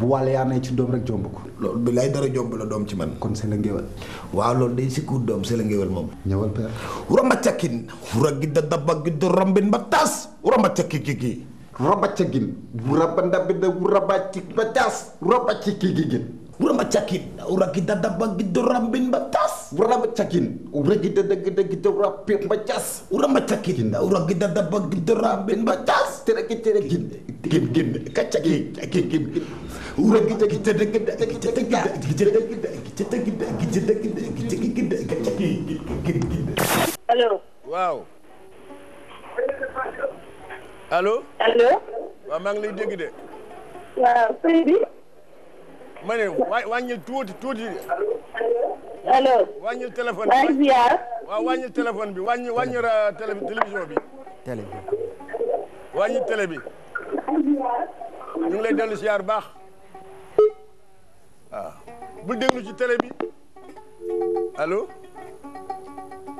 bu wàll yaa ne ci doom rek jomb ko. loolu bi lay dara jomb la doom ci man. kon c'est la ngéwél. waaw loolu day sikkuut doom c'est la ngéwél moom. ñëwal père. romba cakkin. wura gi da daba gi da rombin ba taas. romba cakki gi gi. romba cakkin. wura ba ndabi da wura ba ci ba taas. romba cakki gi gi. wuramba cakin uragi dada bagi dorambin batas wuramba cakin uragi dada gada gida urapin batas wuramba cakin uragi dada bagi dorambin batas teregi teregin gin gin kaca gin gin gin allo. waaw. allo. allo. waaw maa ngi lay dégg de. waaw sëñ bi. ma ne waa wàññil tuuti tuuti. allo. wàññil téléphone bi maa ngi ziar. waaw wàññil téléphone bi wàññi wàññi télévision bi. télé bi. wàññi télé bi. ñu ngi lay dellu ziar baax. bu déglu ci télé bi allo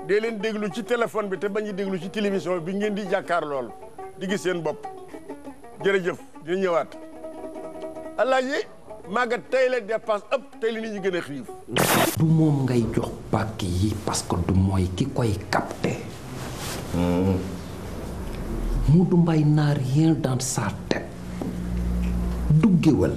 dee leen déglu ci téléphone bi te bañ déglu ci télévision bi ngeen di jàkkaar lool di gis seen bopp jërëjëf dina ñëwaat alaaji maaga tey la dépense ëpp tey li nit ñi gën a xiif du moom ngay jox pàkk yi parce du mooy ki koy capté Modou Mbaye n'a rien dans sa tête du géwal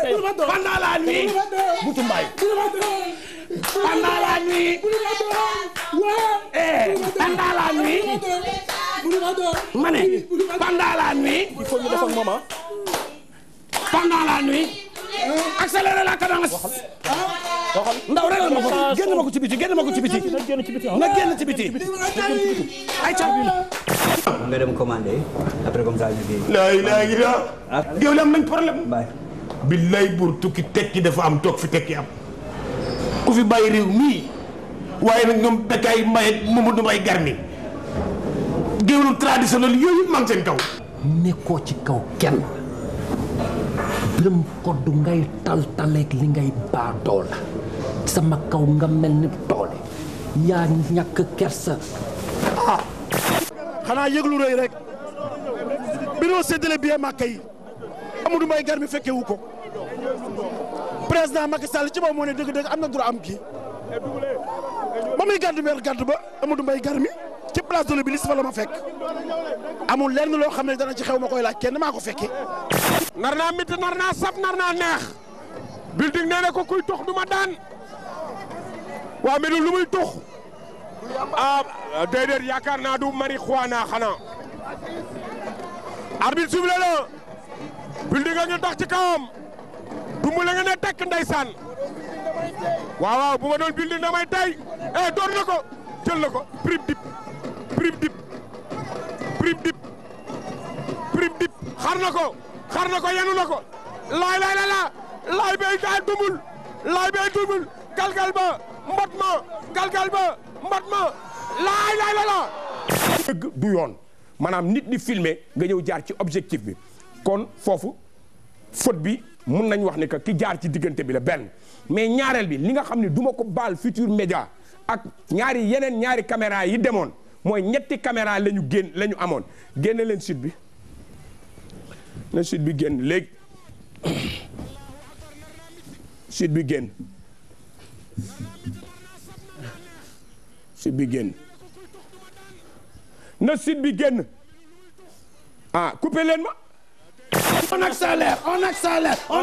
pendant la nuit Butu Mbaye pendant la nuit eh pendant la nuit ma ne pendant la nuit il faut ñu def ak la nuit accélérer la cadence ndaw rek ma ko génn ma ko ci biti génn ma ko ah. ci biti ay ca nga dem commandé après comme ça ñu la ilaha illallah diw ah. lam nañ billay buur tukki tekki dafa am toog fi tekki am ku fi bàyyi réew mii waaye nag ñoom bekkaay mbaye moomu du may garmi géwélu traditionnel yooyu man seen kaw nekkoo ci kaw kenn biram kodd ngay tal taleeg li ngay baadoo sama kaw nga mel ni toole yaa ñàkk kersa ah. xanaa yëglu rëy rek bi noo séddale bi Màkka yi Amadou Mbaye Garmi fekke wu ko président Macky Sall ci moom moo ne dëgg am na droit am kii ba muy gàddu weer gàddu ba Amadou Mbaye Garmi ci place de l'Obélisque fa la ma fekk amul lenn loo xam ne dana ci xew ma koy laaj kenn maa ko fekke nar naa mitt nar naa sab nar naa neex building nee na ko kuy tux du ma daan waa melu lu muy tux ah déedéet yaakaar naa du marijuana xanaa arbitre sifflé la building a ngi dox ci kawam dumbule nga ne tekk ndeysaan waaw waaw bu ma doon building damay tey eh door ko jël na ko prime dip prime dip prime dip prime dip xar na ko xar na ko yenu na ko laay laay la laa laay bay dumbul laay bay dumbul galgal ba mbot ma galgal ba mbot ma laay laay la laa dëgg du yoon maanaam nit di filme nga ñëw jaar ci objectif bi kon foofu faute bi mun nañ wax ne que ki jaar ci diggante bi la benn mais ñaareel bi li nga xam ne duma ko baal futur média ak ñaari yeneen ñaari caméra yi demoon mooy ñetti caméra la ñu génn lañu amoon génne leen site bi na site bi génn léegi site bi génn site bi génn na site bi génn ah coupé leen ma on la cadence. on accélère on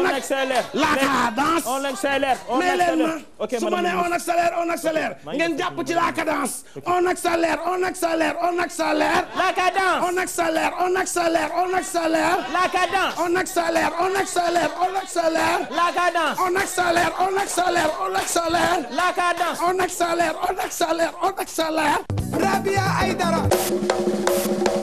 on accélère on Rabia Aidara.